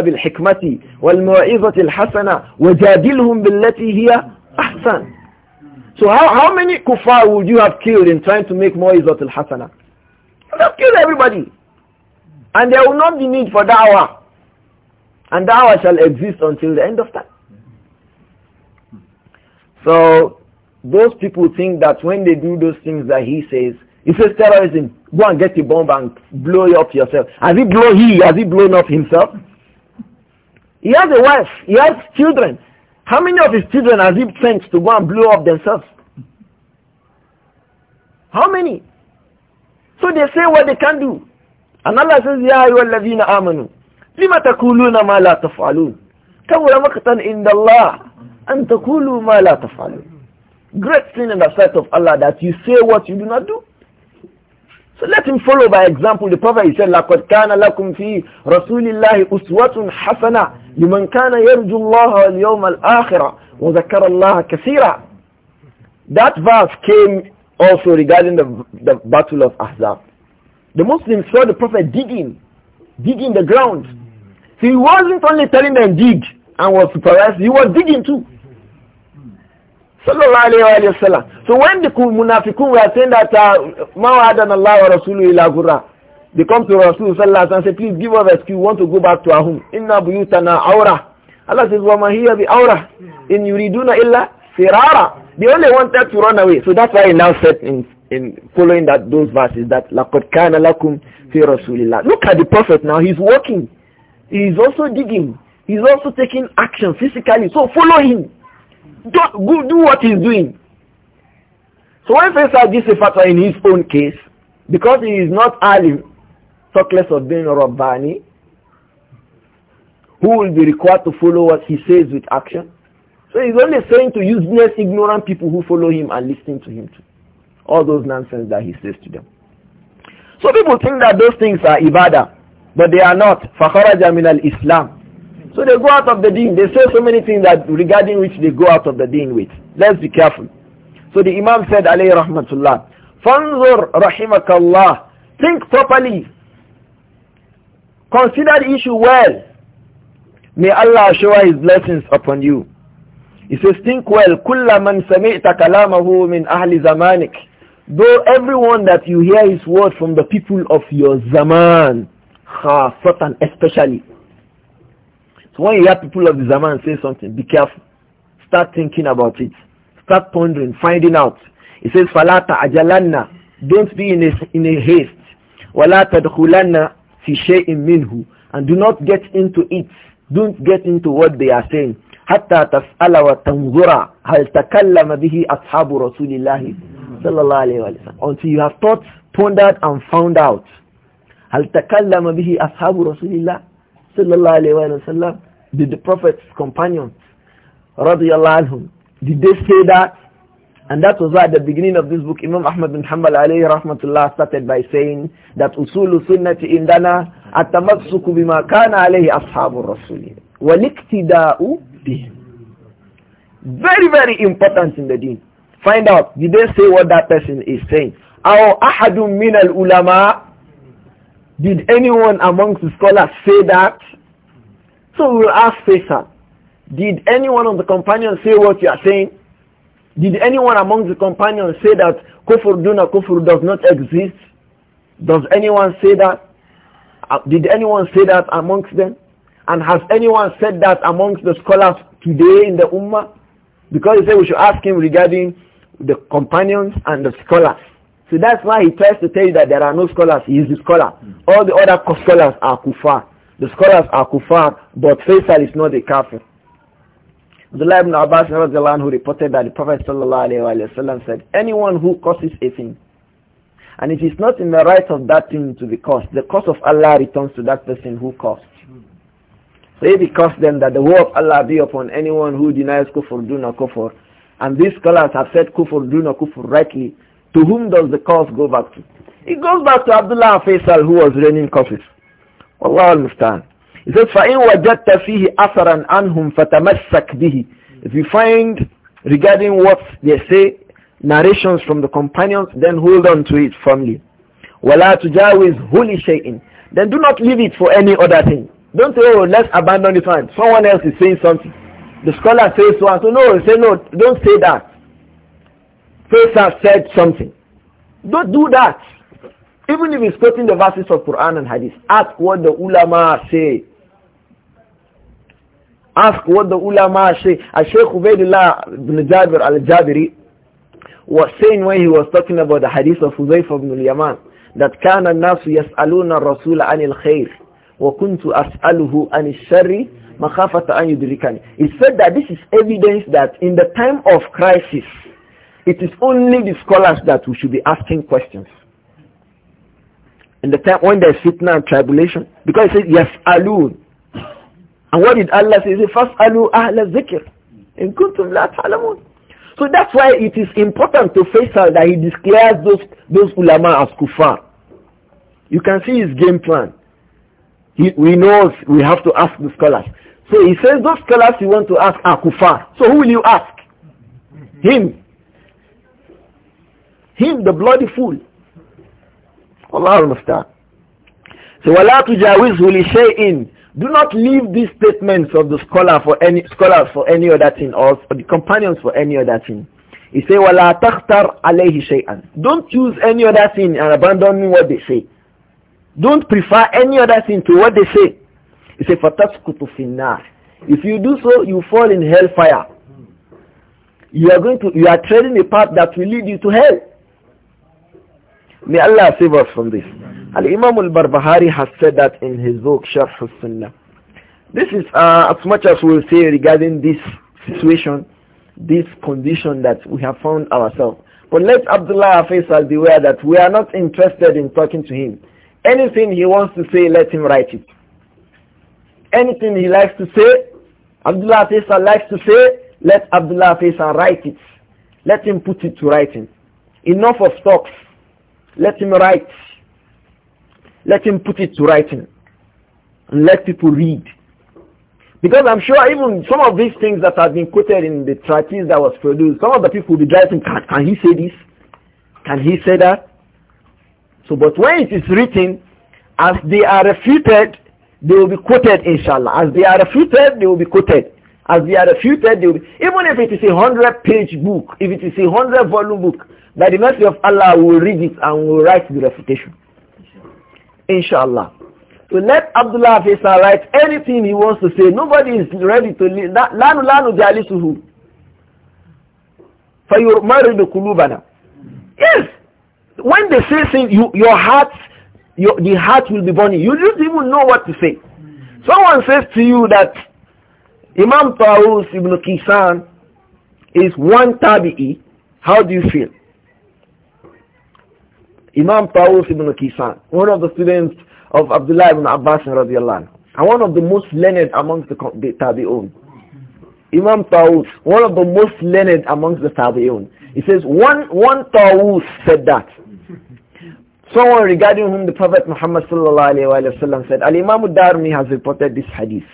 بالحكمة والموعظة الحسنة وجادلهم بالتي هي أحسن So how, how many kuffar would you have killed in trying to make al الحسنة? You have killed everybody. And there will not be need for da'wah. And da'wah shall exist until the end of time. So those people think that when they do those things that he says, he says terrorism, go and get a bomb and blow up yourself. Has he blown he? Has he blown up himself? He has a wife. He has children. How many of his children has he sent to go and blow up themselves? How many? So they say what they can do. And Allah says, Ya ayyuhalladhina amanu. Lima takuluna ma la taf'alun. Kabura maqtan inda Allah. An takulu ma la taf'alun. Great sin in the sight of Allah that you say what you do not do. So let him follow by example. The Prophet he said, لَقَدْ كَانَ لَكُمْ فِي رَسُولِ اللَّهِ أُسْوَةٌ حَسَنَةٌ لمن كان يرجو الله واليوم الآخرة وذكر الله كثيرا That verse came also regarding the, the battle of Ahzab. The Muslims saw the Prophet digging, digging the ground. So he wasn't only telling them dig and was surprised, he was digging too. Sallallahu alayhi wa So when the munafiqun were saying that, مَا وَعَدَنَ اللَّهُ وَرَسُولُهُ إِلَى they come to Rasul Sallallahu and say, please give us excuse, we want to go back to our home. Inna buyutana awra. Allah says, وَمَا bi بِأَوْرَةٍ In yuriduna illa فِرَارًا They only wanted to run away. So that's why he now said in, in following that those verses that laqad kana lakum fi Rasulillah. Look at the prophet now. He's walking. He's also digging. He's also taking action physically. So follow him. Don't, go, do what he's doing. So when Faisal gives a fatwa in his own case, because he is not alim, talk less of being Rabbani, who will be required to follow what he says with action. So he's only saying to useless, ignorant people who follow him and listening to him too. All those nonsense that he says to them. So people think that those things are ibadah, but they are not. فَخَرَجَ مِنَ Islam. So they go out of the deen. They say so many things that regarding which they go out of the deen with. Let's be careful. So the Imam said, alayhi rahmatullah, فَانْظُرْ رَحِمَكَ اللَّهِ Think properly Consider the issue well. May Allah shower his blessings upon you. He says, think well. كُلَّ مَنْ سَمِعْتَ كَلَامَهُ ahlizamanik." أَهْلِ Though everyone that you hear his word from the people of your zaman, خاصة especially. So when you hear people of the zaman say something, be careful. Start thinking about it. Start pondering, finding out. He says, "Falata تعجلن تَعْجَلَنَّ Don't be in a, in a haste. Walata تَدْخُلَنَّ fi shay'in minhu and do not get into it don't get into what they are saying Hatta تسأل وتنظر هل تكلم به أصحاب رسول الله صلى الله عليه وسلم until you have thought pondered and found out هل تكلم به ashabu rasulillah. Sallallahu صلى الله did the prophet's companions رضي الله did they say that and that was why at the beginning of this book, Imam Ahmad bin Hanbal alayhi rahmatullah started by saying that usul sunnati indana atamatsuku bima kana alayhi ashabu rasuli waliktida'u bihim. Very, very important in the deen. Find out, did they say what that person is saying? Aw ahadun min al-ulama? Did anyone amongst the scholars say that? So we'll ask Faisal, did anyone of the companions say what you are saying? Did anyone among the companions say that kufr duna kufr does not exist? Does anyone say that? Uh, did anyone say that amongst them? And has anyone said that amongst the scholars today in the Ummah? Because he said we should ask him regarding the companions and the scholars. So that's why he tries to tell you that there are no scholars. He is the scholar. All the other scholars are kufar. The scholars are kufar, but Faisal is not a kafir. Abdullah ibn Abbas who reported that the Prophet ﷺ said, anyone who causes a thing, and it is not in the right of that thing to be caused, the cause of Allah returns to that person who caused. So if caused them that the woe of Allah be upon anyone who denies kufr, duna kufr, and these scholars have said kufr, duna kufr rightly, to whom does the cause go back to? It goes back to Abdullah Faisal who was raining Kufis. Allah al-Mustan. He says, فَإِنْ وَجَدْتَ فِيهِ أَثَرًا فَتَمَسَّكْ بِهِ If you find regarding what they say, narrations from the companions, then hold on to it firmly. وَلَا is هُلِ شَيْءٍ Then do not leave it for any other thing. Don't say, oh, let's abandon it one. Someone else is saying something. The scholar says so and so. No, say no, don't say that. First have said something. Don't do that. Even if he's quoting the verses of Quran and Hadith, ask what the ulama say. Ask what the ulama say. Sheikh Ubaidullah ibn Jabir al-Jabiri was saying when he was talking about the hadith of Huzayf ibn al-Yaman that كان الناس يسألون الرسول عن الخير وكنت أسأله عن الشر مخافة أن يدركني. He said that this is evidence that in the time of crisis, it is only the scholars that we should be asking questions. In the time when there is fitna and tribulation, because he said yes and what did Allah say? He said, فَاسْأَلُوا أَهْلَ الذِّكِرِ In كُنْتُمْ لَا تَعْلَمُونَ So that's why it is important to Faisal that he declares those, those ulama as kuffar. You can see his game plan. He, we know we have to ask the scholars. So he says those scholars you want to ask are kuffar. So who will you ask? Him. Him, the bloody fool. Allah al-Mustah. So وَلَا تُجَاوِزْهُ لِشَيْءٍ do not leave these statements of the scholar for any scholars for any other thing or the companions for any other thing. He say, وَلَا تَخْتَرْ shay'an." شَيْئًا Don't choose any other thing and abandon what they say. Don't prefer any other thing to what they say. He say, فَتَسْكُتُ فِي If you do so, you fall in hellfire. You are going to, you are treading a path that will lead you to hell. May Allah save us from this. Al-Imam al-Barbahari has said that in his book Sharh al-Sunnah. This is uh, as much as we'll say regarding this situation, this condition that we have found ourselves. But let Abdullah Faisal beware that we are not interested in talking to him. Anything he wants to say, let him write it. Anything he likes to say, Abdullah Faisal likes to say, let Abdullah Faisal write it. Let him put it to writing. Enough of talks. Let him write. Let him put it to writing. And let people read. Because I'm sure even some of these things that have been quoted in the treatise that was produced, some of the people will be driving, can, can he say this? Can he say that? So, but when it is written, as they are refuted, they will be quoted, inshallah. As they are refuted, they will be quoted. As they are refuted, they will be, even if it is a hundred page book, if it is a hundred volume book, by the mercy of Allah, we will read it and we will write the refutation. Inshallah. To let Abdullah Faisal write anything he wants to say. Nobody is ready to lanu lanu jalisuhu. فَيُرْمَرِدُ kulubana. Yes. When they say things, you, your heart, your, the heart will be burning. You don't even know what to say. Someone says to you that Imam Tawus ibn Kisan is one tabi'i. How do you feel? Imam Tawus ibn Kisan, one of the students of Abdullah ibn Abbas radiallahu anhu, and one of the most learned amongst the, the Tabi'un. Imam Tawus, one of the most learned amongst the Tabi'un. He says, one, one Tawus said that. Someone regarding whom the Prophet Muhammad sallallahu alayhi wa sallam said, Al-Imam darmi has reported this hadith.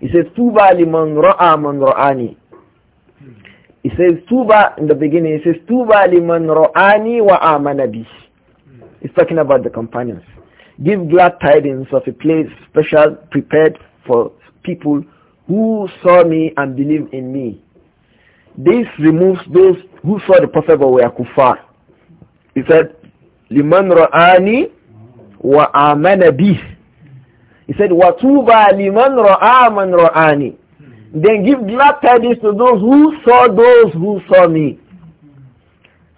He says, Tuba liman ra'a man ra'ani. He says, Tuba, in the beginning, he says, Tuba liman ra'ani wa amanabi. He's talking about the companions. Give glad tidings of a place special prepared for people who saw me and believe in me. This removes those who saw the Prophet but were kuffar. He said, لِمَنْ رَآنِي وَآمَنَ بِهِ He said, وَتُوبَى لِمَنْ رَآ Then give glad tidings to those who saw those who saw me.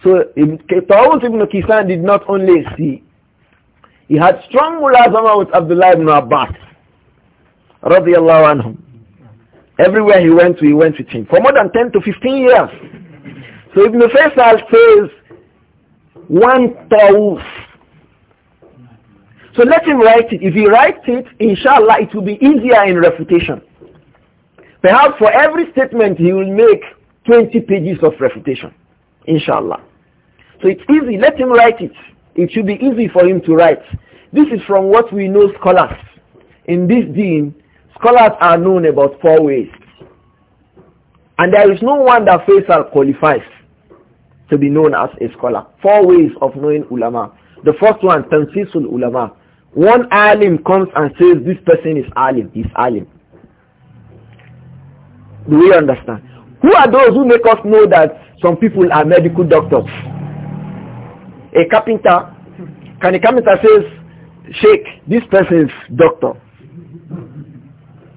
So Tawus ibn Kisan did not only see, he had strong mulazama with Abdullah ibn Abbas. Radiallahu anhum. Everywhere he went he went with him. For more than 10 to 15 years. So Ibn Faisal says, one Tawus. So let him write it. If he writes it, inshallah, it will be easier in refutation. Perhaps for every statement he will make 20 pages of refutation. Inshallah. So it's easy. Let him write it. It should be easy for him to write. This is from what we know scholars. In this deen, scholars are known about four ways. And there is no one that Faisal qualifies to be known as a scholar. Four ways of knowing ulama. The first one, tansisul ulama. One alim comes and says this person is alim, he's alim. Do we understand? Who are those who make us know that some people are medical doctors? a carpenter, can a carpenter says, shake, this person is doctor.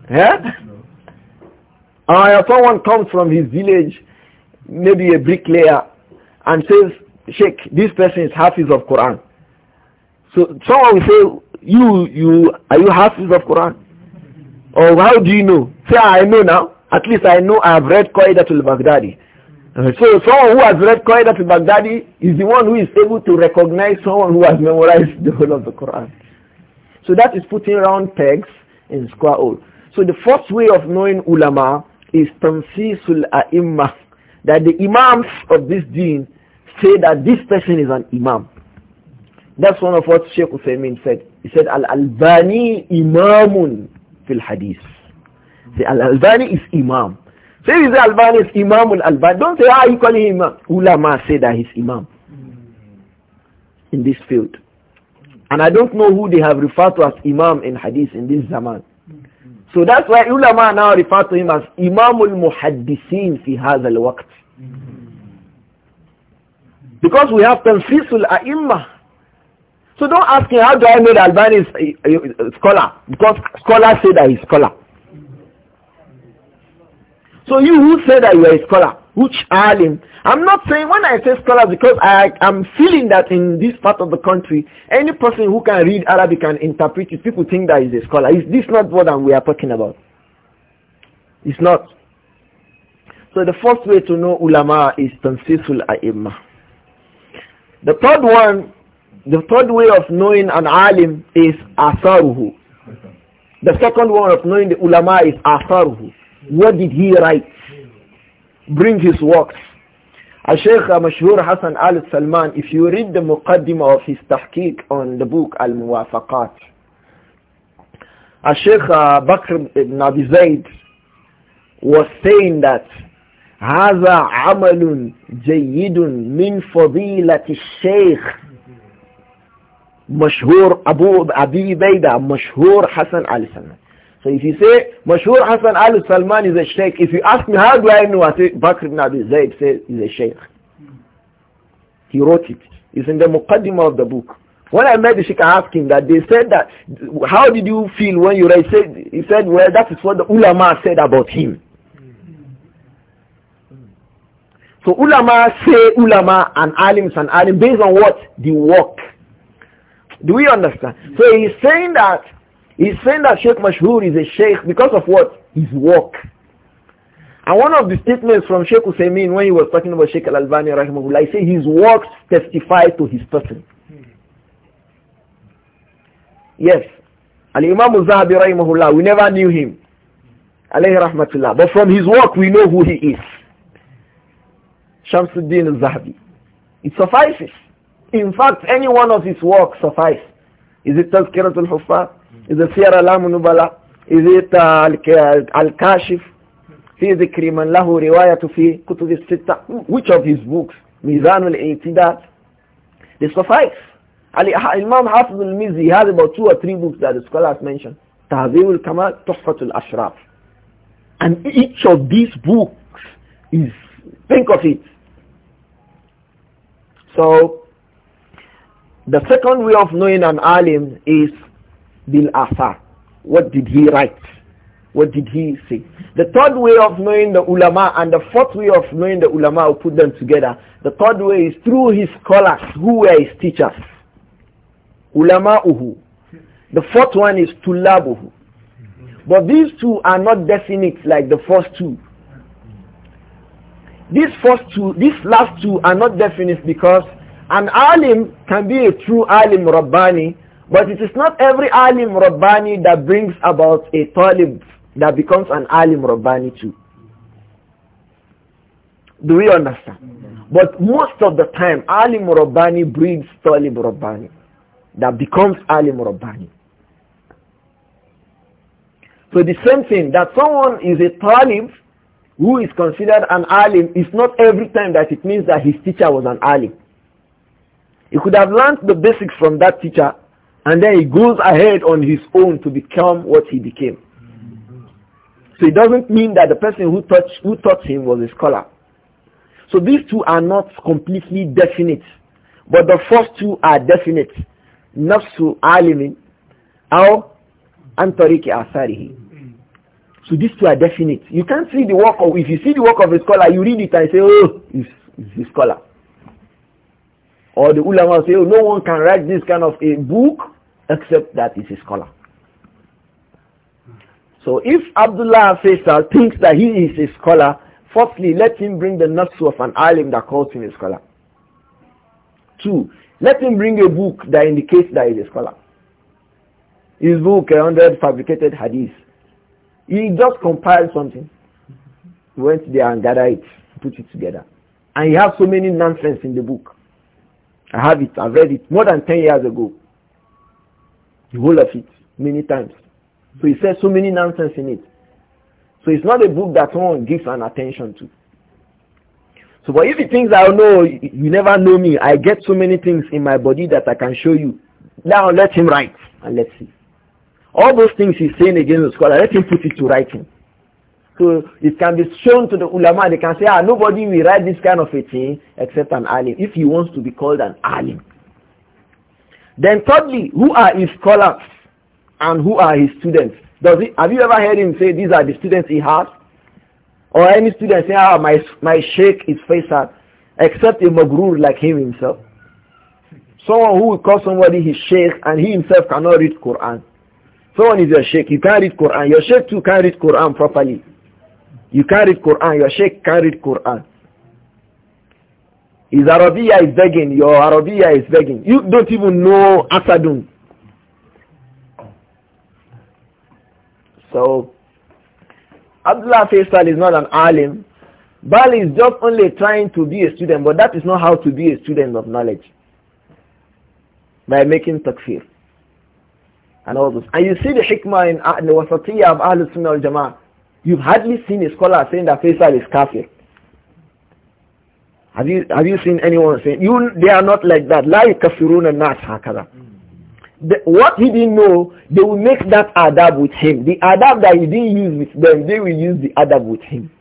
Eh? Ah, yeah? Uh, someone comes from his village, maybe a bricklayer, and says, Sheikh, this person is Hafiz of Quran. So someone will say, you, you, are you Hafiz of Quran? Or how do you know? Say, I know now. At least I know I have read Qaidatul Baghdadi. So someone who has read Qaeda to Baghdadi is the one who is able to recognize someone who has memorized the whole of the Quran. So that is putting round pegs in square hole. So the first way of knowing ulama is tanfisul ai that the imams of this deen say that this person is an imam. That's one of what Sheikh Uthaymeen said. He said al-albani imamun fil hadith. The al-albani is imam. Say the Albani is Imam al Don't say, ah, you call him Imam. Ulama say that he's Imam hmm. in this field. And I don't know who they have referred to as Imam in Hadith in this Zaman. Hmm. So that's why ulama now refer to him as Imam al-Muhaddisin fi hadha waqt hmm. Because we have Tanfis al-A'imma. So don't ask him, how do I know that Albani is a, a, a, scholar? Because scholars say that he's scholar. So you who say that you are a scholar, which alim, I'm not saying when I say scholar because I am feeling that in this part of the country, any person who can read Arabic and interpret it, people think that is a scholar. Is this not what we are talking about? It's not. So the first way to know ulama is tansisul ai The third one, the third way of knowing an alim is asaruhu. The second one of knowing the ulama is asaruhu. What did he write? Bring his works. Al-Sheikh Mashhur Hassan Al-Salman, if you read the muqaddimah of his tahqiq on the book Al-Muwafaqat, Al-Sheikh Bakr ibn Abi Zayd was saying that هذا عمل جيد من فضيلة الشيخ مشهور أبو أبي بيدة مشهور حسن علي سلمان so if you say, Mashur Hassan al-Salman is a sheikh, if you ask me, how do I know? I say, Bakr ibn Abi Zayd says he's a sheikh. He wrote it. It's in the Muqaddimah of the book. When I met the sheikh, I asked him that. They said that, how did you feel when you read? said, he said well, that is what the ulama said about him. So ulama say ulama and alims and alim based on what? The work. Do we understand? So he's saying that He's saying that Sheikh Mashhur is a sheikh because of what? His work. And one of the statements from Sheikh Hussein when he was talking about Sheikh Al-Albani rahimahullah, he said his works testify to his person. Yes. Al-Imam Zahabi we never knew him. Alayhi rahmatullah. But from his work we know who he is. Shamsuddin al-Zahabi. It suffices. In fact, any one of his works suffice. Is it Tazkiratul Huffaz? Is it Siyar Alamu Nubala? Is it Al-Kashif? في ذكر من له رواية في كتب الستة which of his books ميزان الاعتدال they suffice الإمام حافظ المزي has about two or three books that the scholars mentioned تهذيب الكمال تحفة الأشراف and each of these books is think of it so the second way of knowing an alim is bil asar. What did he write? What did he say? The third way of knowing the ulama and the fourth way of knowing the ulama, will put them together. The third way is through his scholars who were his teachers. Ulama uhu. The fourth one is tulabuhu. But these two are not definite like the first two. These first two, these last two are not definite because an alim can be a true alim rabbani but it is not every alim rabbani that brings about a talib that becomes an alim rabbani too. Do we understand? But most of the time, alim rabbani breeds talib rabbani that becomes alim rabbani. So the same thing, that someone is a talib who is considered an alim is not every time that it means that his teacher was an alim. He could have learned the basics from that teacher and then he goes ahead on his own to become what he became. So it doesn't mean that the person who taught, who taught him was a scholar. So these two are not completely definite. But the first two are definite. Nafsu alimin or antariki asarihi. So these two are definite. You can't see the work of, if you see the work of a scholar, you read it and say, oh, he's a scholar. Or the ulama say, oh, no one can write this kind of a book except that he's a scholar. So if Abdullah Faisal thinks that he is a scholar, firstly, let him bring the nafsu of an alim that calls him a scholar. Two, let him bring a book that indicates that he's a scholar. His book, 100 fabricated hadith. He just compiled something. He went there and gathered it, put it together. And he has so many nonsense in the book. I have it, I've read it more than 10 years ago. The whole of it, many times. So he says so many nonsense in it. So it's not a book that one gives an attention to. So but if he thinks I know, oh, you never know me, I get so many things in my body that I can show you. Now let him write and let's see. All those things he's saying against the scholar, let him put it to writing. So it can be shown to the ulama. They can say, ah, nobody will write this kind of a thing except an alim. If he wants to be called an alim. Then thirdly, who are his scholars and who are his students? Does he, have you ever heard him say these are the students he has? Or any student say, ah, my, my sheikh is Faisal, except a magrur like him himself. Someone who will call somebody his sheikh and he himself cannot read Quran. Someone is your sheikh, you can't read Quran. Your sheikh too can't read Quran properly. You can't read Quran, your sheikh can't read Quran. His Arabiya is begging. Your Arabiya is begging. You don't even know Asadun. So, Abdullah Faisal is not an alim. Bali is just only trying to be a student, but that is not how to be a student of knowledge. By making takfir. And all those. And you see the hikmah in, in uh, the wasatiyah of Ahlul Sunnah al-Jama'ah. You've hardly seen a scholar saying that Faisal is kafir. Have you, have you seen anyone saying, you, they are not like that. La kafiruna nas hakada. what he didn't know, they will make that adab with him. The adab that he didn't use with them, they will use the adab with him.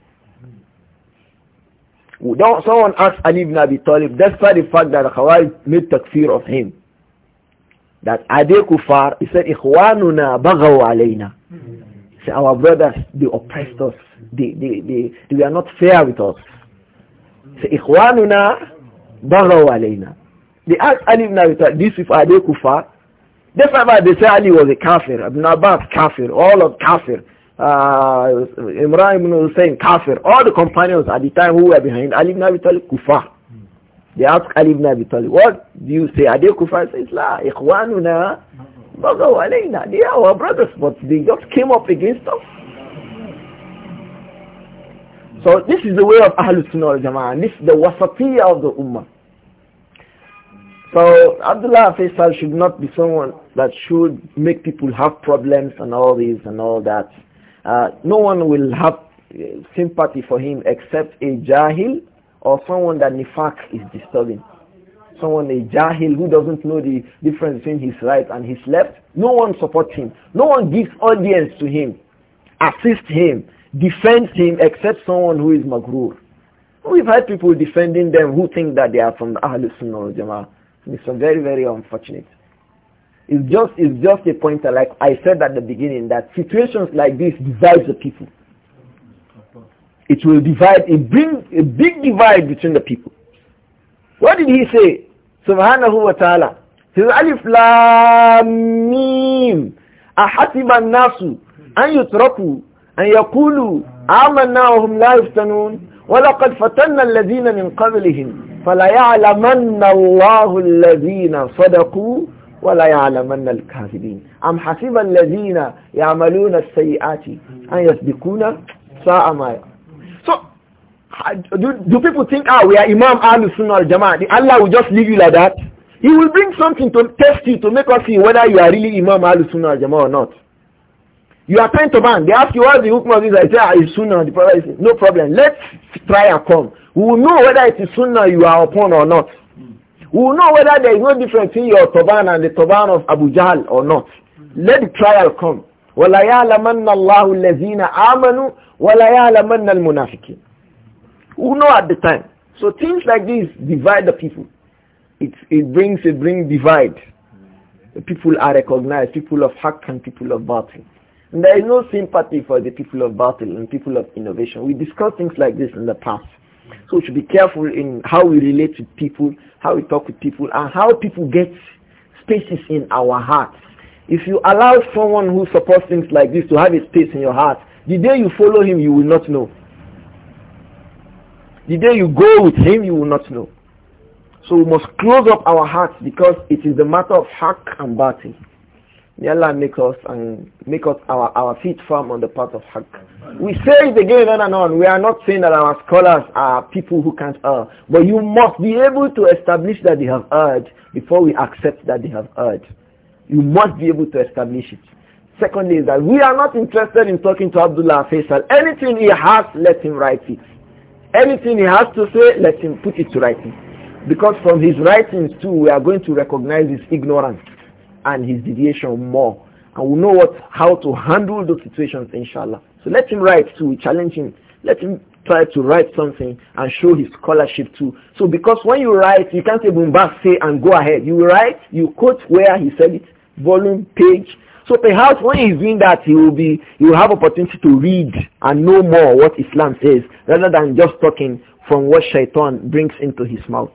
Don't, someone asked Ali ibn Abi Talib, despite the fact that Khawarij made takfir of him, that are kufar? He said, Ikhwanuna bagaw alayna. Say, our brothers, they oppressed us. They, they, they, they are not fair with us say ikhwanuna baghaw alayna they asked Ali ibn Abi Talib this if Ali Kufa that's why they say Ali was a kafir Ibn Abbas kafir all of kafir uh, Imran ibn Hussein kafir all the companions at the time who were behind Ali ibn Abi Talib Kufa they ask Ali ibn Abi Talib what do you say Ali Kufa says la ikhwanuna baghaw alayna they are our brothers but they just came up against us so this is the way of Ahlul Sunnah al Jama'ah. this is the wasatiyah of the Ummah. So Abdullah Faisal should not be someone that should make people have problems and all this and all that. Uh, no one will have uh, sympathy for him except a jahil or someone that nifaq is disturbing. Someone a jahil who doesn't know the difference between his right and his left. No one supports him. No one gives audience to him, assist him, defends him except someone who is maghroor. We've had people defending them who think that they are from Ahlul Sunnah wal Jama'ah. It's very, very unfortunate. It's just, it's just a pointer, like I said at the beginning, that situations like this divide the people. It will divide, it brings a big divide between the people. What did he say? Subhanahu wa ta'ala. says, Alif Lam Mim. أحسب الناس أن يتركوا أن يقولوا آمنا وهم لا يفتنون ولقد فتنا الذين من قبلهم فلا يعلمن الله الذين صدقوا ولا يعلمن الكاذبين أم حسب الذين يعملون السيئات أن يسبقون ساء ما So do, do people think ah we are Imam Ali Sunnah Al-Jama'ah Allah will just leave you like that? He will bring something to test you to make us see whether you are really Imam Ali Sunnah Al-Jama'ah or not. You are trying to ban. They ask you what the hukum of this. I say, ah, it's sunnah. The prophet says, no problem. Let's try and come. We will know whether it is sunnah you are upon or not. We will know whether there is no difference between your turban and the turban of Abu Jahl or not. Let the trial come. وَلَا يَعْلَمَنَّ اللَّهُ الَّذِينَ آمَنُوا وَلَا يَعْلَمَنَّ الْمُنَافِقِينَ Who know at the time. So things like this divide the people. It, it brings, it brings divide. The people are recognized, people of haqq and people of Batin. There is no sympathy for the people of battle and people of innovation. We discussed things like this in the past. So we should be careful in how we relate to people, how we talk with people, and how people get spaces in our hearts. If you allow someone who supports things like this to have a space in your heart, the day you follow him, you will not know. The day you go with him, you will not know. So we must close up our hearts because it is the matter of hack and battle. May Allah make us and make us our, our feet firm on the path of Haqq. We say it again on and on. We are not saying that our scholars are people who can't err. But you must be able to establish that they have erred before we accept that they have erred. You must be able to establish it. Secondly is that we are not interested in talking to Abdullah Faisal. Anything he has, let him write it. Anything he has to say, let him put it to writing. Because from his writings too, we are going to recognize his ignorance and his deviation more. And we know what, how to handle those situations, inshallah. So let him write too. challenge him. Let him try to write something and show his scholarship too. So because when you write, you can't say "bumbasay" say and go ahead. You write, you quote where he said it, volume, page. So perhaps when he's doing that, he will be, he will have opportunity to read and know more what Islam says rather than just talking from what shaitan brings into his mouth.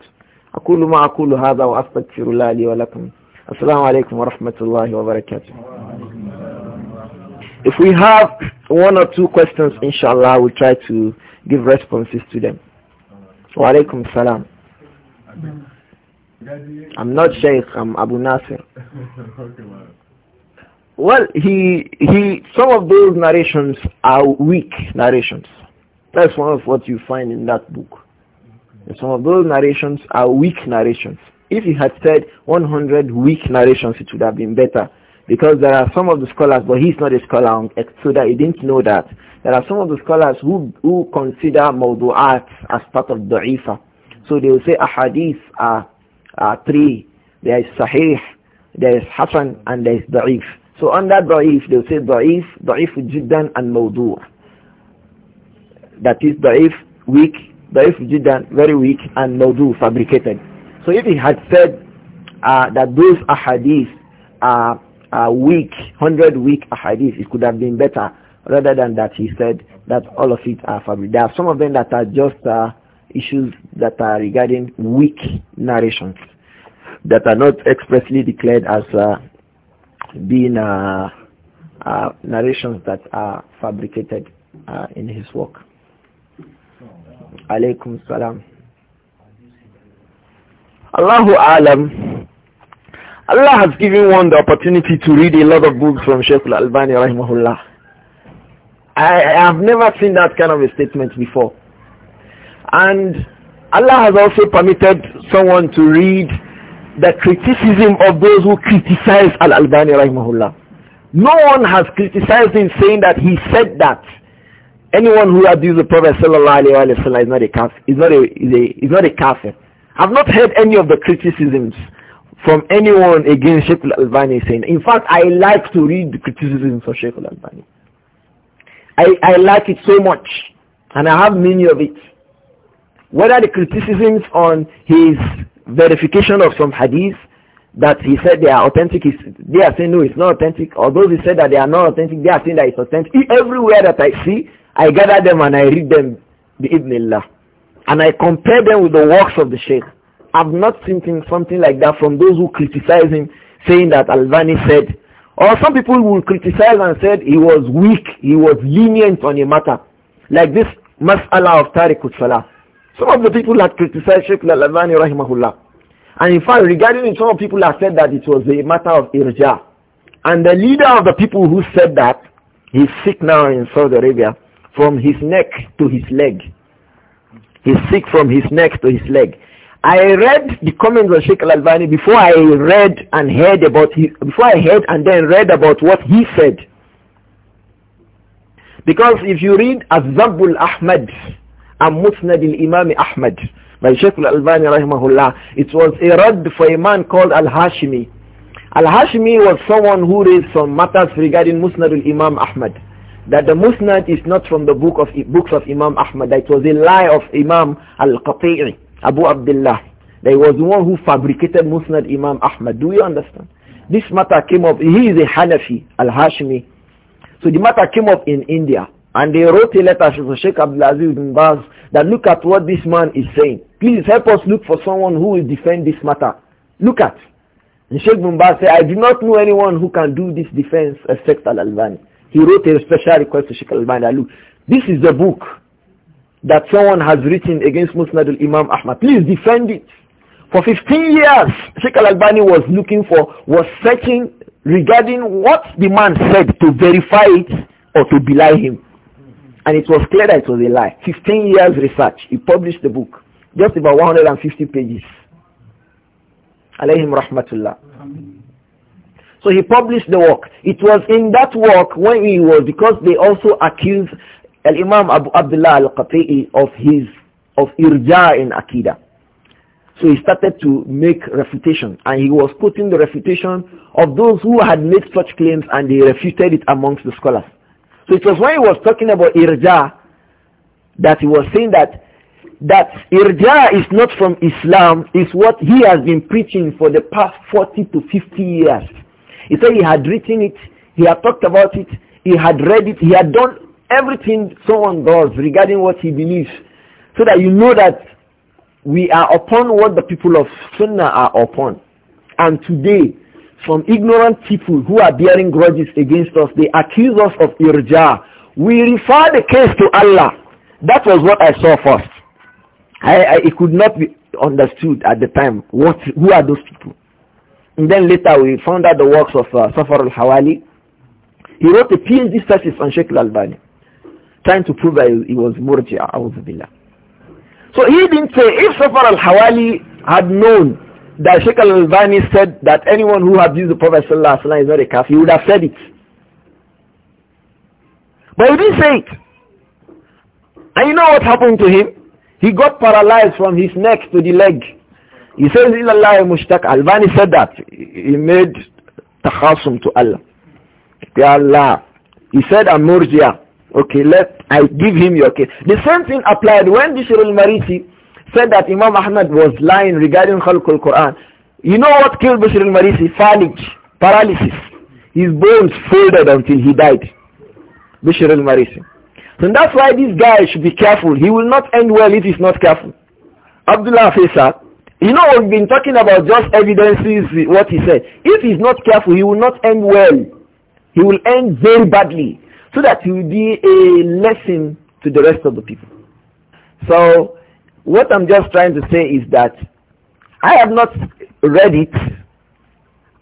أقول ما أقول هذا وأستغفر الله لي ولكم Assalamu alaikum wa rahmatullahi wa barakatuh. If we have one or two questions, inshallah, we'll try to give responses to them. Wa alaikum salam. I'm not Sheikh, I'm Abu Nasir. Well, he, he, some of those narrations are weak narrations. That's one of what you find in that book. some of those narrations are weak narrations. If he had said 100 weak narrations, it would have been better. Because there are some of the scholars, but he's not a scholar, so that he didn't know that. There are some of the scholars who, who consider mawdu'at as part of da'ifa. So they will say ahadith are, are three. There is sahih, there is hasan, and there is da'if. So under da'if, they will say da'if, da'if jiddan and mawdu'. That is da'if, weak, da'if jiddan, very weak, and mawdu' fabricated. So if he had said uh, that those ahadith are, are weak, 100 weak ahadith, it could have been better rather than that he said that all of it are fabric. There are some of them that are just uh, issues that are regarding weak narrations that are not expressly declared as uh, being uh, uh, narrations that are fabricated uh, in his work. Alaykum salam. Allahu Alam, Allah has given one the opportunity to read a lot of books from Sheikh Al-Albani rahimahullah. I, I have never seen that kind of a statement before. And Allah has also permitted someone to read the criticism of those who criticize Al-Albani rahimahullah. No one has criticized him saying that he said that. Anyone who abuses the Prophet sallallahu alayhi wa sallam is not a kafir. Is not a, is, a, is not a kafir. I've not heard any of the criticisms from anyone against Sheikh Al-Albani saying, in fact, I like to read the criticisms of Sheikh Al-Albani. I, I like it so much, and I have many of it. Whether the criticisms on his verification of some hadith that he said they are authentic, they are saying no, it's not authentic, or those he said that they are not authentic, they are saying that it's authentic. Everywhere that I see, I gather them and I read them, bi and I compare them with the works of the Sheikh, I've not seen something like that from those who criticize him, saying that Al-Bani said, or some people will criticize and said he was weak, he was lenient on a matter, like this mas'ala of Tariq Salah. Some of the people had criticized Sheikh Al-Albani rahimahullah. And in fact, regarding it, some people have said that it was a matter of irja. And the leader of the people who said that, he's sick now in Saudi Arabia, from his neck to his leg. He's sick from his neck to his leg. I read the comments of Sheikh Al-Albani before I read and heard about his, before I heard and then read about what he said. Because if you read Azabul Ahmad and Musnad al-Imam Ahmad by Sheikh Al-Albani rahimahullah, it was a rad for a man called Al-Hashimi. Al-Hashimi was someone who raised some matters regarding Musnad al-Imam Ahmad that the Musnad is not from the book of books of Imam Ahmad. That was a lie of Imam Al-Qati'i, Abu Abdullah. There was one who fabricated Musnad Imam Ahmad. Do you understand? This matter came up. He is a Hanafi, Al-Hashmi. So the matter came up in India. And they wrote a letter to Sheikh Abdulaziz bin Baz that look at what this man is saying. Please help us look for someone who will defend this matter. Look at. And Sheikh bin Baz said, I do not know anyone who can do this defense except Al-Albani. He wrote a special request to Sheikh Al-Albani. Look, this is the book that someone has written against Musnad al-Imam Ahmad. Please defend it. For 15 years, Sheikh Al-Albani was looking for, was searching regarding what the man said to verify it or to belie him. And it was clear that it was a lie. 15 years research. He published the book. Just about 150 pages. Alayhim rahmatullah. Amen. So he published the work. It was in that work when he was, because they also accused Al-Imam Abu Abdullah Al-Qati'i of his, of irja in Akida. So he started to make refutation and he was quoting the refutation of those who had made such claims and they refuted it amongst the scholars. So it was when he was talking about irja that he was saying that that irja is not from Islam, is what he has been preaching for the past 40 to 50 years. He said he had written it, he had talked about it, he had read it, he had done everything someone does regarding what he believes. So that you know that we are upon what the people of Sunnah are upon. And today, some ignorant people who are bearing grudges against us, they accuse us of irja. We refer the case to Allah. That was what I saw first. I, I, it could not be understood at the time what, who are those people. And then later we found out the works of uh, Safar al-Hawali. He wrote a PhD thesis on Sheikh al-Albani, trying to prove that he, he was Murji'a, So he didn't say, if Safar al-Hawali had known that Sheikh al-Albani said that anyone who abused the Prophet sallallahu name is not a kafir, he would have said it. But he didn't say it. And you know what happened to him? He got paralyzed from his neck to the leg. He says, Ilallah mushtaq. Albani said that. He made takhasum to Allah. Ya Allah. He said, I'm Okay, let, I give him your case. The same thing applied when Bishr al-Marisi said that Imam Ahmad was lying regarding Khalqul Quran. You know what killed Bishr al-Marisi? Falij, paralysis. His bones folded until he died. Bishr al-Marisi. So that's why this guy should be careful. He will not end well if he's not careful. Abdullah Faisal, you know, we've been talking about just evidences, what he said. If he's not careful, he will not end well. He will end very badly. So that he will be a lesson to the rest of the people. So, what I'm just trying to say is that I have not read it,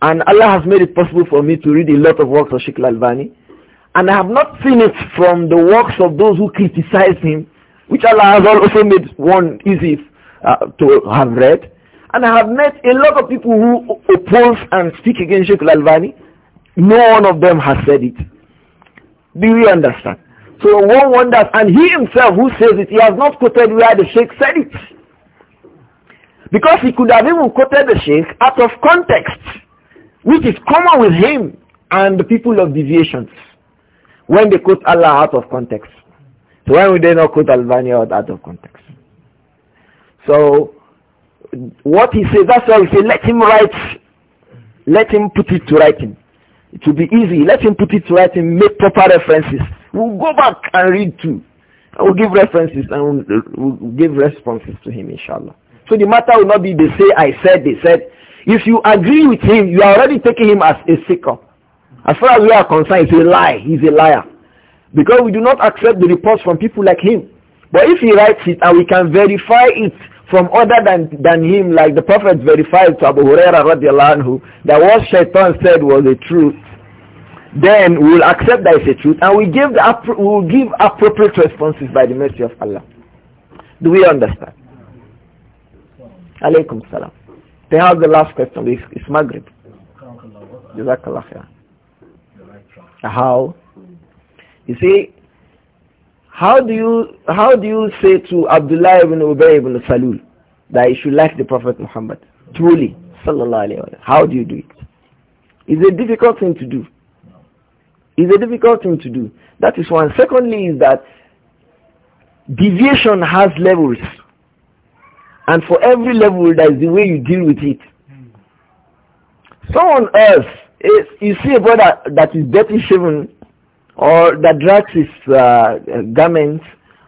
and Allah has made it possible for me to read a lot of works of Sheikh and I have not seen it from the works of those who criticize him, which Allah has also made one easy uh, to have read. And I have met a lot of people who oppose and speak against Sheikh No one of them has said it. Do you understand? So one wonders, and he himself who says it, he has not quoted where the Sheikh said it. Because he could have even quoted the Sheikh out of context, which is common with him and the people of deviations, when they quote Allah out of context. So why would they not quote Albania out of context? So what he said, that's why he said, let him write, let him put it to writing. It will be easy. Let him put it to writing, make proper references. We'll go back and read too. And we'll give references and we'll, we'll give responses to him, inshallah. So the matter will not be they say, I said, they said. If you agree with him, you are already taking him as a seeker. As far as we are concerned, it's a lie. He's a liar. Because we do not accept the reports from people like him. But if he writes it and we can verify it from other than, than him, like the Prophet verified to Abu Huraira that what Shaitan said was the truth, then we will accept that it's a truth and we give the, we will give appropriate responses by the mercy of Allah. Do we understand? Alaykum salam. have the last question is, is Maghrib. Jazakallah khair. How? You see, how do you how do you say to Abdullah ibn Ubay ibn Salul that you should like the Prophet Muhammad truly? Sallallahu alaihi How do you do it? It's a difficult thing to do. It's a difficult thing to do. That is one. Secondly, is that deviation has levels, and for every level, that is the way you deal with it. Someone else, if eh, you see a brother that is dirty shaven, or that drags his uh, garments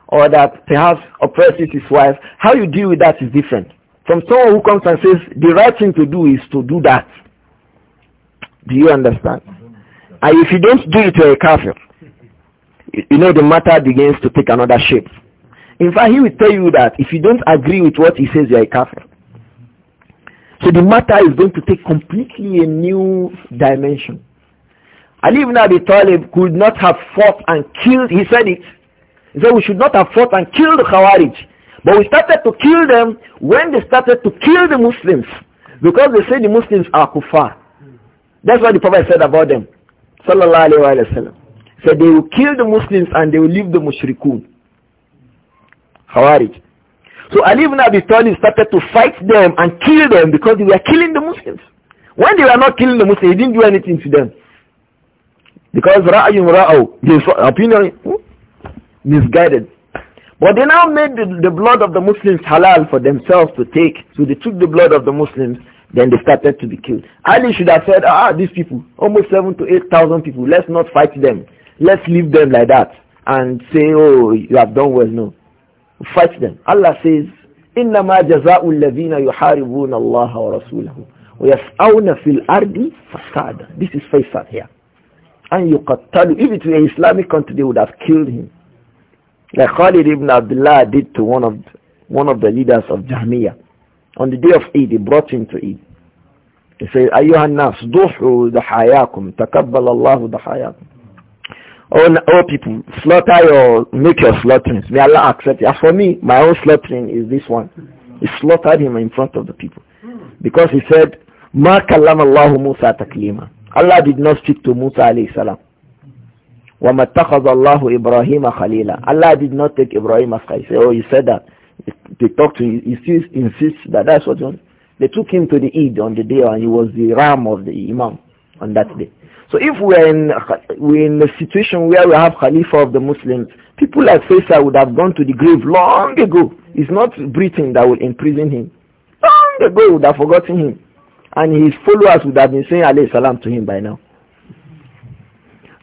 or that perhaps oppresses his wife, how you deal with that is different. From someone who comes and says, the right thing to do is to do that. Do you understand? And if you don't do it, you're a kafir. You know, the matter begins to take another shape. In fact, he will tell you that if you don't agree with what he says, you're a kafir. So the matter is going to take completely a new dimension. Ali ibn Abi Talib could not have fought and killed, he said it. He said we should not have fought and killed the Khawarij. But we started to kill them when they started to kill the Muslims. Because they say the Muslims are kuffar. That's what the Prophet said about them. Sallallahu alayhi wa sallam. He said they will kill the Muslims and they will leave the mushrikun. Khawarij. So Ali ibn Abi Talib started to fight them and kill them because they were killing the Muslims. When they were not killing the Muslims, he didn't do anything to them. Because Ra'ayun ra'aw, his opinion misguided. But they now made the, the, blood of the Muslims halal for themselves to take. So they took the blood of the Muslims, then they started to be killed. Ali should have said, ah, these people, almost seven to 8,000 people, let's not fight them. Let's leave them like that and say, oh, you have done well. No. Fight them. Allah says, إنما جزاء الذين يحاربون الله ورسوله ويسعون في الأرض فسادا. This is Faisal here. And you tell If it were an Islamic country, they would have killed him. Like Khalid ibn Abdullah did to one of one of the leaders of Jahmiyyah. On the day of Eid, he brought him to Eid. He said, أيها nas ضحوا ضحاياكم takabbal Allahu ضحاياكم Oh, oh people, slaughter your, make your slaughterings. May Allah accept it. As for me, my own slaughtering is this one. He slaughtered him in front of the people. Because he said, ما كلم Allahu musa taklima." Allah did not speak to Musa alayhi salam. وَمَا اللَّهُ إِبْرَاهِيمَ خَلِيلًا Allah did not take Ibrahim as Khalil. oh, you said that. They talked to him. He insists, insists that that's what you They took him to the Eid on the day and he was the ram of the Imam on that day. So if we're in, we're in a situation where we have Khalifa of the Muslims, people like Faisal would have gone to the grave long ago. It's not Britain that will imprison him. Long ago would have forgotten him and his followers would have been saying alayhi salam to him by now.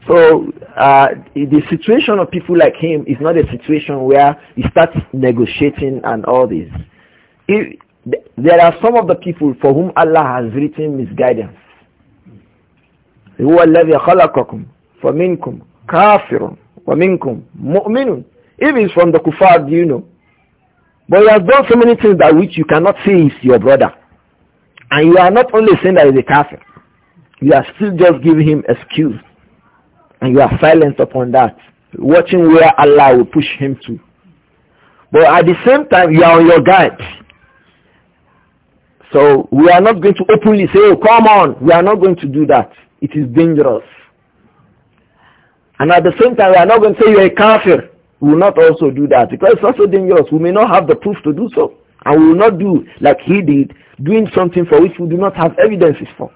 So uh, the situation of people like him is not a situation where he starts negotiating and all this. If, there are some of the people for whom Allah has written misguidance. هو الذي خلقكم فمنكم كافر ومنكم مؤمن. If it's from the kuffar, do you know? But he has done so many things that which you cannot say is your brother. And you are not only saying that he's a kafir, you are still just giving him excuse. And you are silent upon that, watching where Allah will push him to. But at the same time, you are on your guard. So we are not going to openly say, oh, come on. We are not going to do that. It is dangerous. And at the same time, we are not going to say you're a kafir. We will not also do that because it's also dangerous. We may not have the proof to do so. And we will not do like he did, doing something for which we do not have evidences for.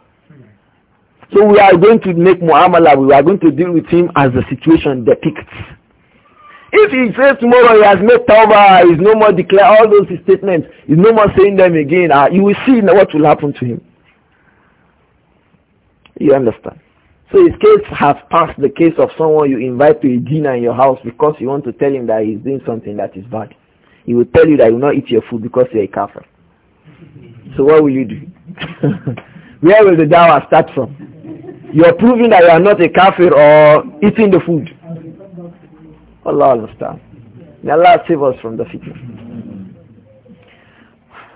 So we are going to make Muamala, we are going to deal with him as the situation depicts. If he says tomorrow he has made tawbah, he's no more declare all those statements, he's no more saying them again, uh, you will see what will happen to him. You understand? So his case has passed the case of someone you invite to a dinner in your house because you want to tell him that he's doing something that is bad. He will tell you that you will not eat your food because you're a kafir. So what will you do? Where will the dawah start from? You're proving that you are not a kafir or eating the food. Allah understand. May Allah save us from the fitna.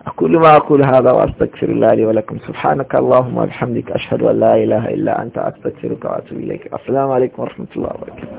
أقول ما أقول هذا وأستغفر الله لي ولكم سبحانك اللهم وبحمدك أشهد أن لا إله إلا أنت أستغفرك وأتوب إليك السلام عليكم ورحمة الله وبركاته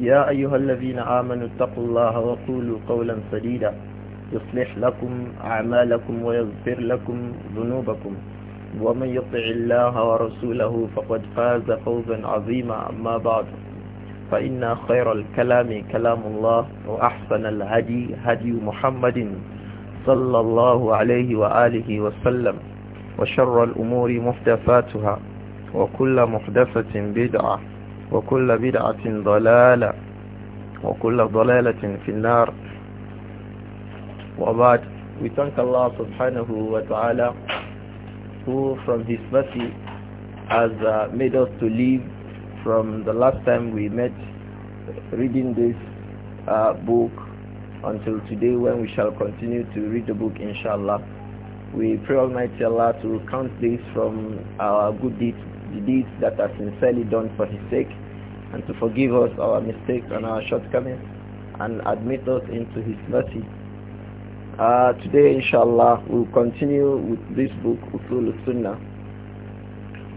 يا أيها الذين آمنوا اتقوا الله وقولوا قولا سديدا يصلح لكم أعمالكم ويغفر لكم ذنوبكم ومن يطع الله ورسوله فقد فاز فوزا عظيما أما بعد فإن خير الكلام كلام الله وأحسن الهدي هدي محمد صلى الله عليه وآله وسلم وشر الأمور محدثاتها وكل محدثة بدعة وكل بدعة ضلالة وكل ضلالة في النار وبعد we thank Allah subhanahu wa ta'ala who from his mercy has uh, made us to live from the last time we met reading this uh, book until today when we shall continue to read the book inshallah we pray almighty Allah to count this from our good deeds the deeds that are sincerely done for his sake and to forgive us our mistakes and our shortcomings and admit us into his mercy. Uh, today, inshallah, we'll continue with this book, Usul Sunnah,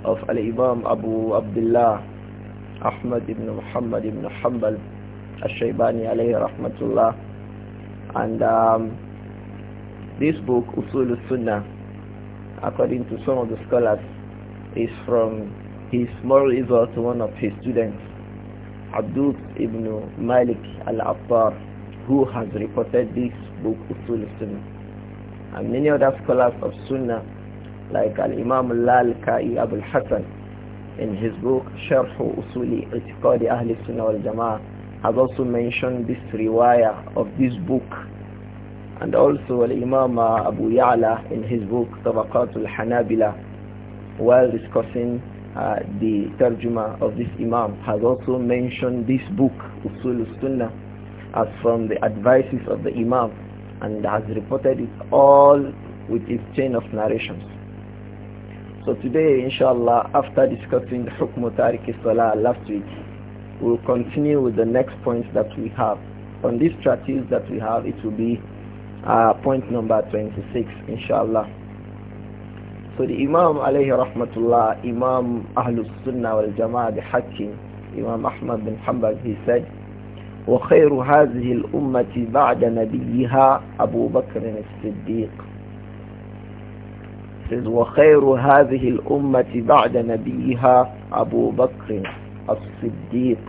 of Al-Imam Abu Abdullah Ahmad ibn Muhammad ibn Hanbal Al-Shaybani alayhi rahmatullah. And um, this book, Usul Sunnah, according to some of the scholars, is from his Mu'izah to one of his students, Abdul ibn Malik al-Attar, who has reported this book, Usul Sunnah. And many other scholars of Sunnah, like Al-Imam al-Lalkai Abul Hassan, in his book, Sharh Usuli Itiqadi Ahli Sunnah wal Jama'ah, has also mentioned this riwayah of this book. And also Al-Imam Abu Ya'la in his book, Tabaqatul Hanabila, while discussing uh, the tarjuma of this Imam, has also mentioned this book, Usul Sunnah, as from the advices of the Imam and has reported it all with its chain of narrations. So today, inshallah, after discussing the Hukm Tariqi Salah last week, we'll continue with the next points that we have. On this strategy that we have, it will be uh, point number 26, inshallah. So the Imam alayhi rahmatullah, Imam Ahlus Sunnah والجماعة Jama'ah the Hakim, Imam Ahmad bin Hanbal, he said, وخير هذه الأمة بعد نبيها أبو بكر الصديق وخير هذه الأمة بعد نبيها أبو بكر الصديق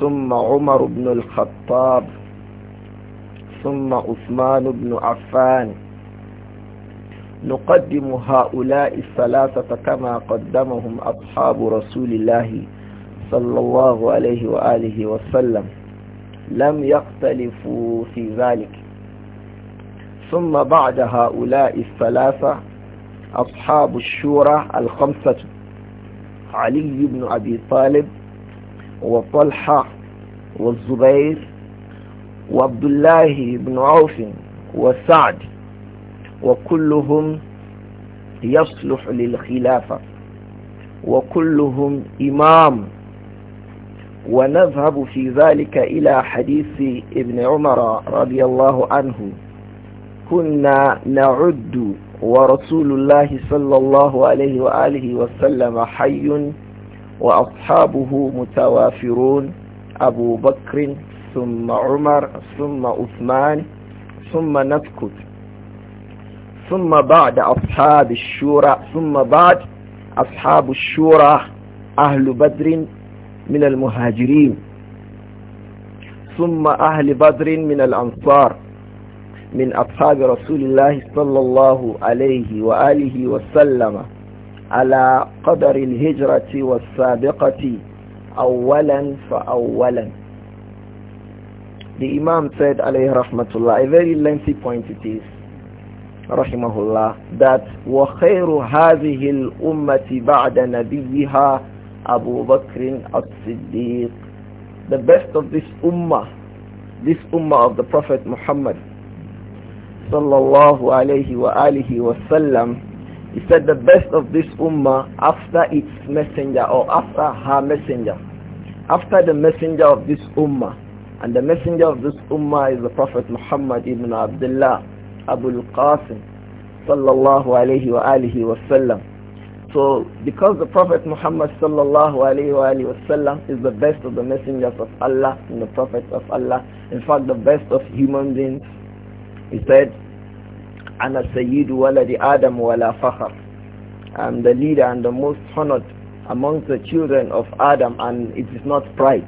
ثم عمر بن الخطاب ثم عثمان بن عفان نقدم هؤلاء الثلاثة كما قدمهم أصحاب رسول الله صلى الله عليه وآله وسلم لم يختلفوا في ذلك ثم بعد هؤلاء الثلاثة أصحاب الشورى الخمسة علي بن أبي طالب وطلحة والزبير وعبد الله بن عوف وسعد وكلهم يصلح للخلافة وكلهم إمام ونذهب في ذلك إلى حديث ابن عمر رضي الله عنه كنا نعد ورسول الله صلى الله عليه وآله وسلم حي وأصحابه متوافرون أبو بكر ثم عمر ثم عثمان ثم نسكت ثم بعد أصحاب الشورى ثم بعد أصحاب الشورى أهل بدر من المهاجرين ثم أهل بدر من الأنصار من أصحاب رسول الله صلى الله عليه وآله وسلم على قدر الهجرة والسابقة أولا فأولا The Imam said عليه رحمة الله a very lengthy point it is الله that وَخَيْرُ هَذِهِ الْأُمَّةِ بَعْدَ نَبِيِّهَا أبو بكر الصديق the best of this ummah this ummah of the Prophet Muhammad صلى الله عليه وآله وسلم he said the best of this ummah after its messenger or after her messenger after the messenger of this ummah and the messenger of this ummah is the Prophet Muhammad ibn Abdullah Abul Qasim sallallahu alayhi wa alihi wa sallam. So because the Prophet Muhammad sallallahu alayhi wa alihi wa sallam is the best of the messengers of Allah and the prophets of Allah, in fact the best of human beings, he said, أنا سيد ولد آدم ولا فخر I'm the leader and the most honored among the children of Adam and it is not pride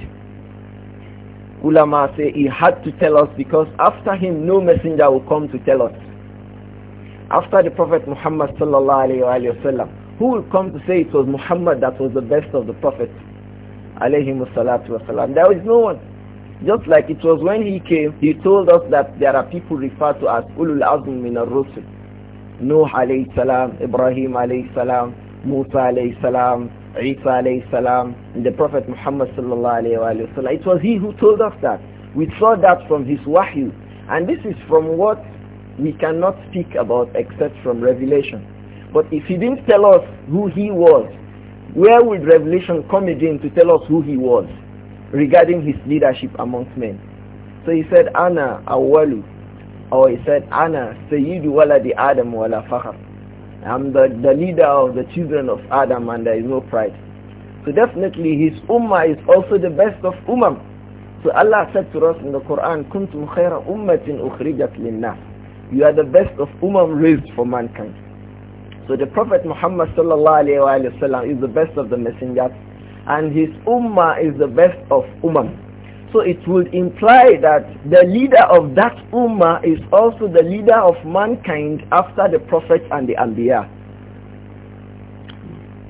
Ulama say he had to tell us because after him no messenger will come to tell us. After the Prophet Muhammad sallallahu alayhi wa who will come to say it was Muhammad that was the best of the prophets? Alayhi salatu wasalam. There is no one. Just like it was when he came, he told us that there are people referred to as Ulul Azm min al-Rusul. Nuh alayhi salam, Ibrahim alayhi salam, Musa alayhi salam, Isa alayhi salam, and the Prophet Muhammad sallallahu alayhi wa It was he who told us that. We saw that from his wahyu. And this is from what we cannot speak about except from revelation. But if he didn't tell us who he was, where would revelation come again to tell us who he was regarding his leadership amongst men? So he said, Ana awalu. Or he said, Ana sayyidu waladi adam wala fakhar. I'm the, the leader of the children of Adam and there is no pride. So definitely his ummah is also the best of ummah. So Allah said to us in the Quran, كُنْتُمْ خَيْرَ أُمَّةٍ أُخْرِجَتْ لِلنَّاسِ You are the best of ummah raised for mankind. So the Prophet Muhammad sallallahu is the best of the messengers and his ummah is the best of ummah. So it would imply that the leader of that ummah is also the leader of mankind after the prophet and the anbiya.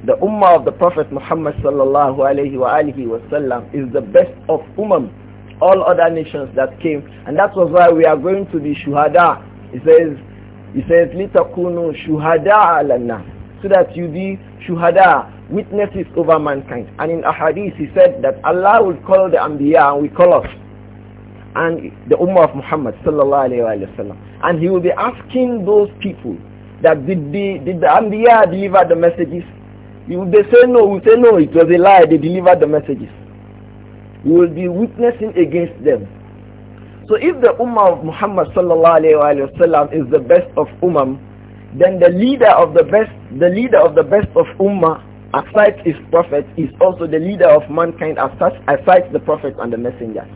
The ummah of the Prophet Muhammad sallallahu alayhi wa alihi wasallam is the best of ummah, all other nations that came. And that was why we are going to the shuhada. He says, he says, لِتَكُونُوا شُهَدَاءَ لَنَّا So that you be shuhada, witnesses over mankind. And in a hadith he said that Allah will call the Anbiya and we call us and the Ummah of Muhammad sallallahu alayhi wa And he will be asking those people that did the, did the Anbiya deliver the messages? they say no, we say no, it was a lie, they delivered the messages. We will be witnessing against them. So if the Ummah of Muhammad sallallahu alayhi wa is the best of Ummah, then the leader of the best, the leader of the best of Ummah aside his prophet is also the leader of mankind as such aside the prophet and the messengers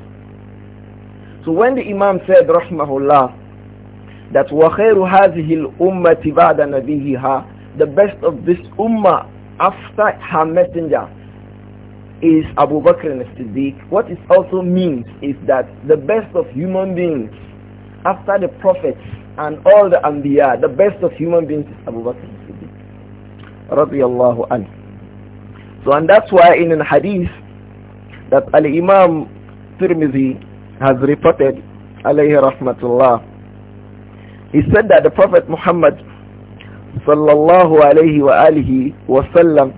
so when the imam said rahmahullah that wa khairu hadhihi al-ummati the best of this ummah after her messenger is Abu Bakr as-Siddiq what it also means is that the best of human beings after the prophets and all the anbiya the best of human beings is Abu Bakr as-Siddiq اللَّهُ anhu so and that's why in an hadith that Al-Imam Tirmizi has reported, alayhi rahmatullah, he said that the Prophet Muhammad sallallahu alayhi wa alihi wasallam,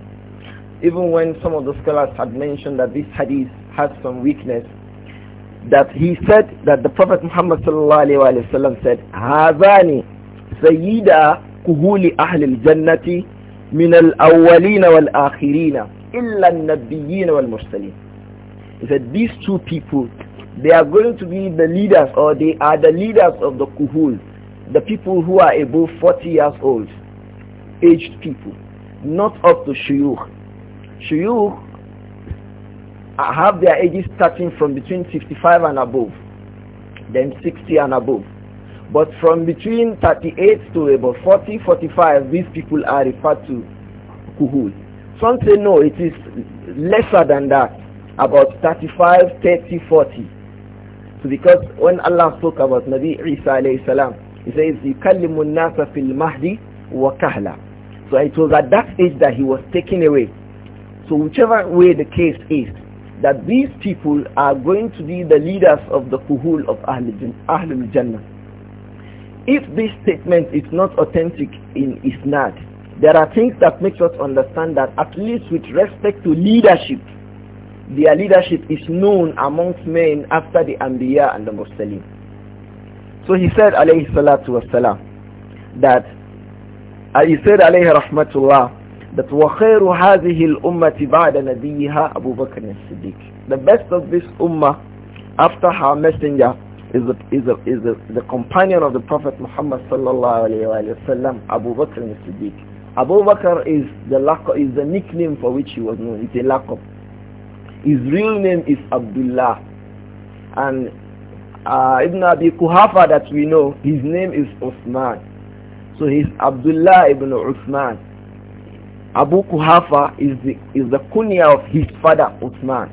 even when some of the scholars had mentioned that this hadith has some weakness, that he said that the Prophet Muhammad sallallahu alayhi wa sallam said, هَذَانِ سَيِّدَا كُهُولِ أَهْلِ Jannati. من الأولين والآخرين إلا النبيين والمرسلين He said these two people they are going to be the leaders or they are the leaders of the kuhul the people who are above 40 years old aged people not up to shuyukh shuyukh have their ages starting from between 65 and above then 60 and above but from between 38 to about 40, 45, these people are referred to kuhul. Some say no, it is lesser than that, about 35, 30, 40. So because when Allah spoke about Nabi Isa alayhi salam, he says, يُكَلِّمُ النَّاسَ فِي الْمَهْدِ وَكَهْلًا So it was at that age that he was taken away. So whichever way the case is, that these people are going to be the leaders of the kuhul of Ahlul Jannah if this statement is not authentic in isnad there are things that makes us understand that at least with respect to leadership their leadership is known amongst men after the anbiya and the mursalin so he said alayhi salatu wasalam that uh, he said alayhi rahmatullah that wa khairu hadhihi al-ummati ba'da nabiyha Abu Bakr as-Siddiq the best of this ummah after her messenger is the, is the, is the, the companion of the Prophet Muhammad sallallahu alayhi wa sallam, Abu Bakr as-Siddiq. Abu Bakr is the, laqab, is the nickname for which he was known. It's a laqab. His real name is Abdullah. And uh, Ibn Abi Kuhafa that we know, his name is Uthman. So he's Abdullah ibn Uthman. Abu Kuhafa is the, is the kunya of his father Uthman.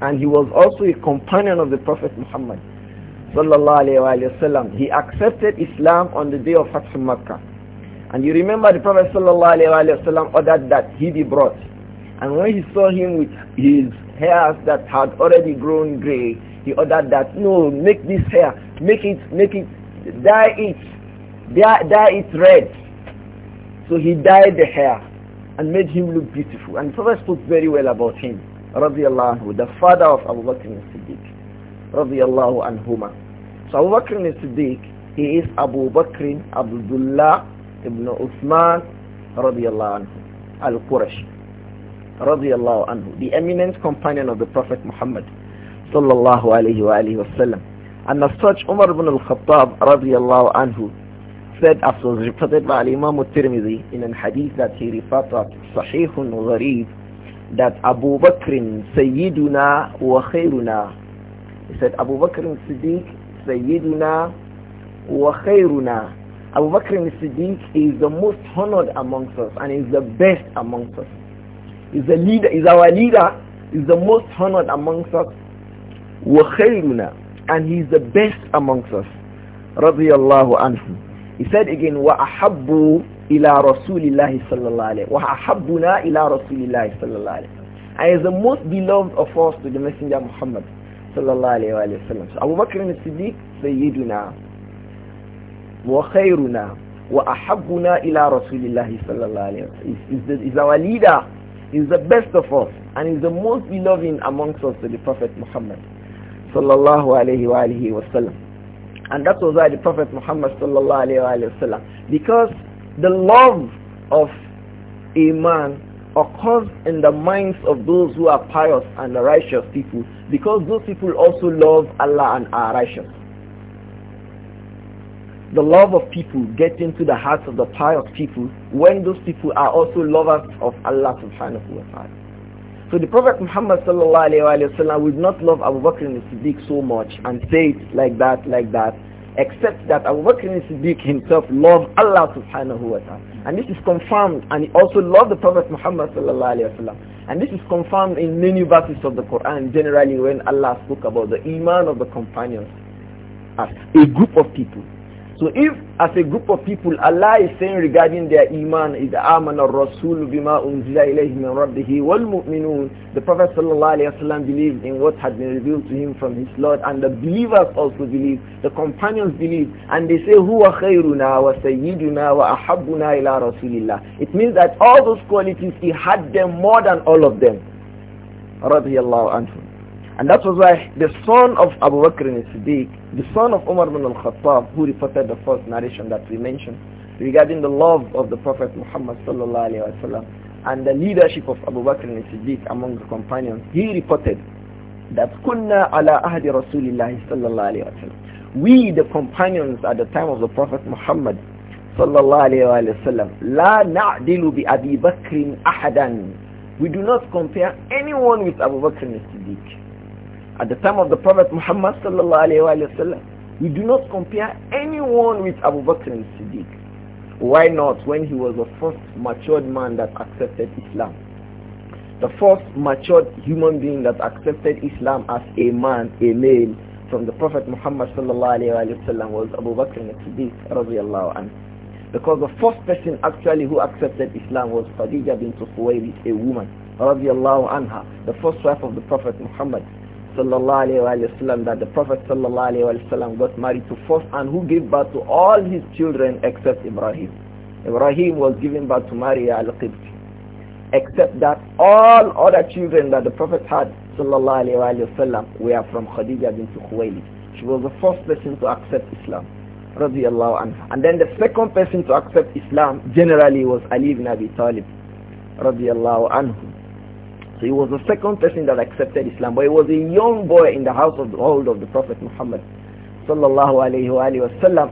And he was also a companion of the Prophet Muhammad sallallahu alayhi wasallam, he accepted Islam on the day of Fatih Makkah. And you remember the Prophet sallallahu alayhi wasallam ordered that he be brought. And when he saw him with his hairs that had already grown gray, he ordered that, no, make this hair, make it, make it, dye it, dye, dye it red. So he dyed the hair and made him look beautiful. And the Prophet spoke very well about him, radiallahu anhu, the father of Abu Bakr as-Siddiq, radiallahu anhumah. So Abu Bakr Siddiq, he is Abu Bakr Abdullah ibn Uthman radiallahu anhu, al quraysh radiallahu anhu, the eminent companion of the Prophet Muhammad sallallahu alayhi wa alayhi wa sallam. And as such, Umar ibn al-Khattab radiallahu anhu said, as was reported by Imam al-Tirmidhi in a hadith that he referred to Sahihun Gharib, that Abu Bakr Sayyiduna wa Khairuna. He said, Abu Bakr Siddiq Sayyiduna wa Khairuna. Abu Bakr al-Siddiq is the most honored amongst us and is the best amongst us. Is the leader, is our leader, is the most honored amongst us. Wa Khairuna. And he is the best amongst us. Radiallahu anhu. He said again, wa ahabbu ila rasulillahi sallallahu alayhi wa ahabbuna ila rasulillahi sallallahu alayhi and is the most beloved of us to the messenger muhammad sallallahu alayhi wasallam. sallam. So Abu Bakr as-Siddiq sayyiduna Is our leader, is the best of us and is the most beloved amongst us to the Prophet Muhammad sallallahu alayhi wa And that was why the Prophet Muhammad sallallahu alayhi wa because the love of a man occurs in the minds of those who are pious and righteous people because those people also love Allah and are righteous. The love of people gets into the hearts of the pious people when those people are also lovers of Allah subhanahu wa ta'ala. So the Prophet Muhammad sallallahu alayhi wa would not love Abu Bakr and Siddiq so much and say it like that, like that, except that Abu Bakr Siddiq himself loved Allah subhanahu wa ta'ala. And this is confirmed, and he also loved the Prophet Muhammad sallallahu alayhi wa sallam. And this is confirmed in many verses of the Quran, generally when Allah spoke about the iman of the companions as a group of people. So if as a group of people Allah is saying regarding their iman is amana rasul bima unzila ilayhi min rabbihi wal mu'minun the prophet sallallahu alaihi wasallam believed in what had been revealed to him from his lord and the believers also believed the companions believed and they say huwa khairuna wa sayyiduna wa ahabbuna ila rasulillah it means that all those qualities he had them more than all of them radiyallahu anhu and that was why the son of Abu Bakr al-Siddiq, the son of Umar bin al-Khattab, who reported the first narration that we mentioned regarding the love of the Prophet Muhammad sallallahu and the leadership of Abu Bakr al-Siddiq among the companions, he reported that kunna ala ahdi Rasulillah We the companions at the time of the Prophet Muhammad sallallahu la na'dilu bi Abi Bakr ahadan. We do not compare anyone with Abu Bakr al-Siddiq. At the time of the Prophet Muhammad sallallahu we do not compare anyone with Abu Bakr and Siddiq. Why not when he was the first matured man that accepted Islam? The first matured human being that accepted Islam as a man, a male, from the Prophet Muhammad sallallahu was Abu Bakr and Siddiq because the first person actually who accepted Islam was Khadija bint Khuwaylid, a woman, الله عنها, the first wife of the Prophet Muhammad that the Prophet وسلم, got married to first and who gave birth to all his children except Ibrahim. Ibrahim was given birth to Maria al-Qibti. Except that all other children that the Prophet had وسلم, were from Khadija bint Khuwaylid. She was the first person to accept Islam. And then the second person to accept Islam generally was Ali ibn Abi Talib. Radiallahu anhu. So he was the second person that accepted Islam. But he was a young boy in the house of the hold of the Prophet Muhammad sallallahu alayhi wa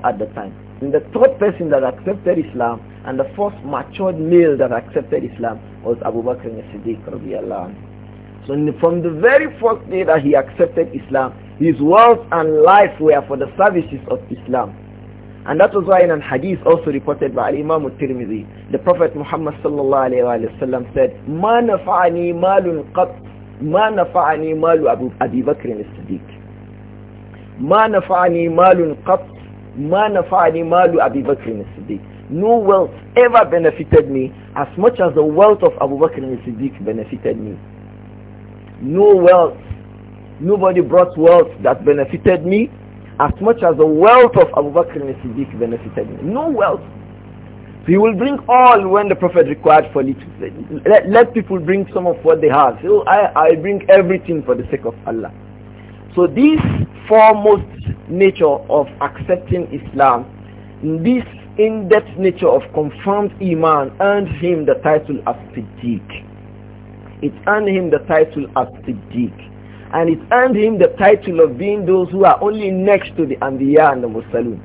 at the time. And the third person that accepted Islam and the first matured male that accepted Islam was Abu Bakr as-Siddiq radiallahu anhu. So the, from the very first day that he accepted Islam, his wealth and life were for the services of Islam. And that was why in a hadith also reported by Imam al-Tirmidhi, the Prophet Muhammad sallallahu alayhi wa sallam said, مَا نَفَعَنِي مَالٌ قَطْ مَا نَفَعَنِي مَالُ أَبِي بَكْرٍ الصِّدِّيقِ مَا نَفَعَنِي مَالٌ قَطْ مَا نَفَعَنِي مَالُ أَبِي بَكْرٍ الصِّدِّيقِ No wealth ever benefited me as much as the wealth of Abu Bakr al-Siddiq benefited me. No wealth, nobody brought wealth that benefited me as much as the wealth of Abu Bakr and Siddiq benefited him. No wealth. He will bring all when the Prophet required for it. Let, let people bring some of what they have. So I, I bring everything for the sake of Allah. So this foremost nature of accepting Islam, this in-depth nature of confirmed Iman earned him the title as Siddiq. It earned him the title as Siddiq and it earned him the title of being those who are only next to the Anbiya and the Musallim,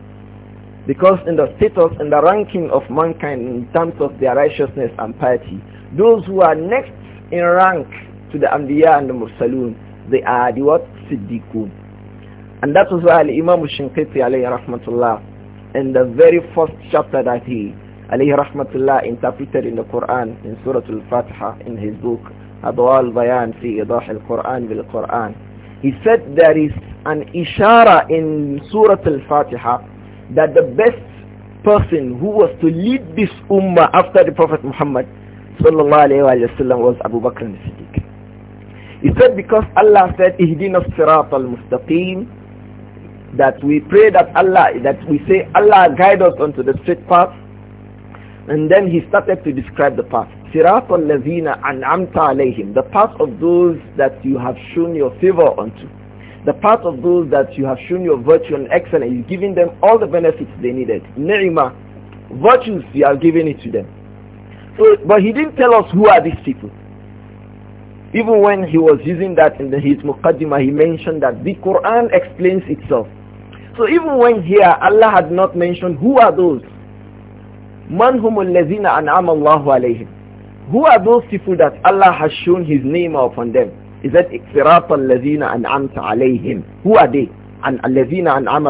Because in the status and the ranking of mankind in terms of their righteousness and piety, those who are next in rank to the Anbiya and the Musallim, they are the what? Siddiqun. And that was why Imam Shinkiti alayhi rahmatullah, in the very first chapter that he alayhi rahmatullah interpreted in the Quran, in Surah Al-Fatiha, in his book, he said there is an ishara in Surah Al-Fatiha that the best person who was to lead this ummah after the Prophet Muhammad sallallahu alayhi wa sallam was Abu Bakr as-Siddiq. He said because Allah said ihdina as-sirat al-mustaqim that we pray that Allah that we say Allah guide us onto the straight path and then he started to describe the path. صراط الذين أنعمت alayhim, the path of those that you have shown your favor unto the path of those that you have shown your virtue and excellence giving them all the benefits they needed ni'ma virtues you are giving it to them so, but he didn't tell us who are these people even when he was using that in the, his muqaddimah he mentioned that the Quran explains itself so even when here Allah had not mentioned who are those man humul lazina an'ama Allahu alayhim who are those people that Allah has shown his name upon them? Is that صراط and أنعمت alayhim? Who are they? And al-Lazina and أنعم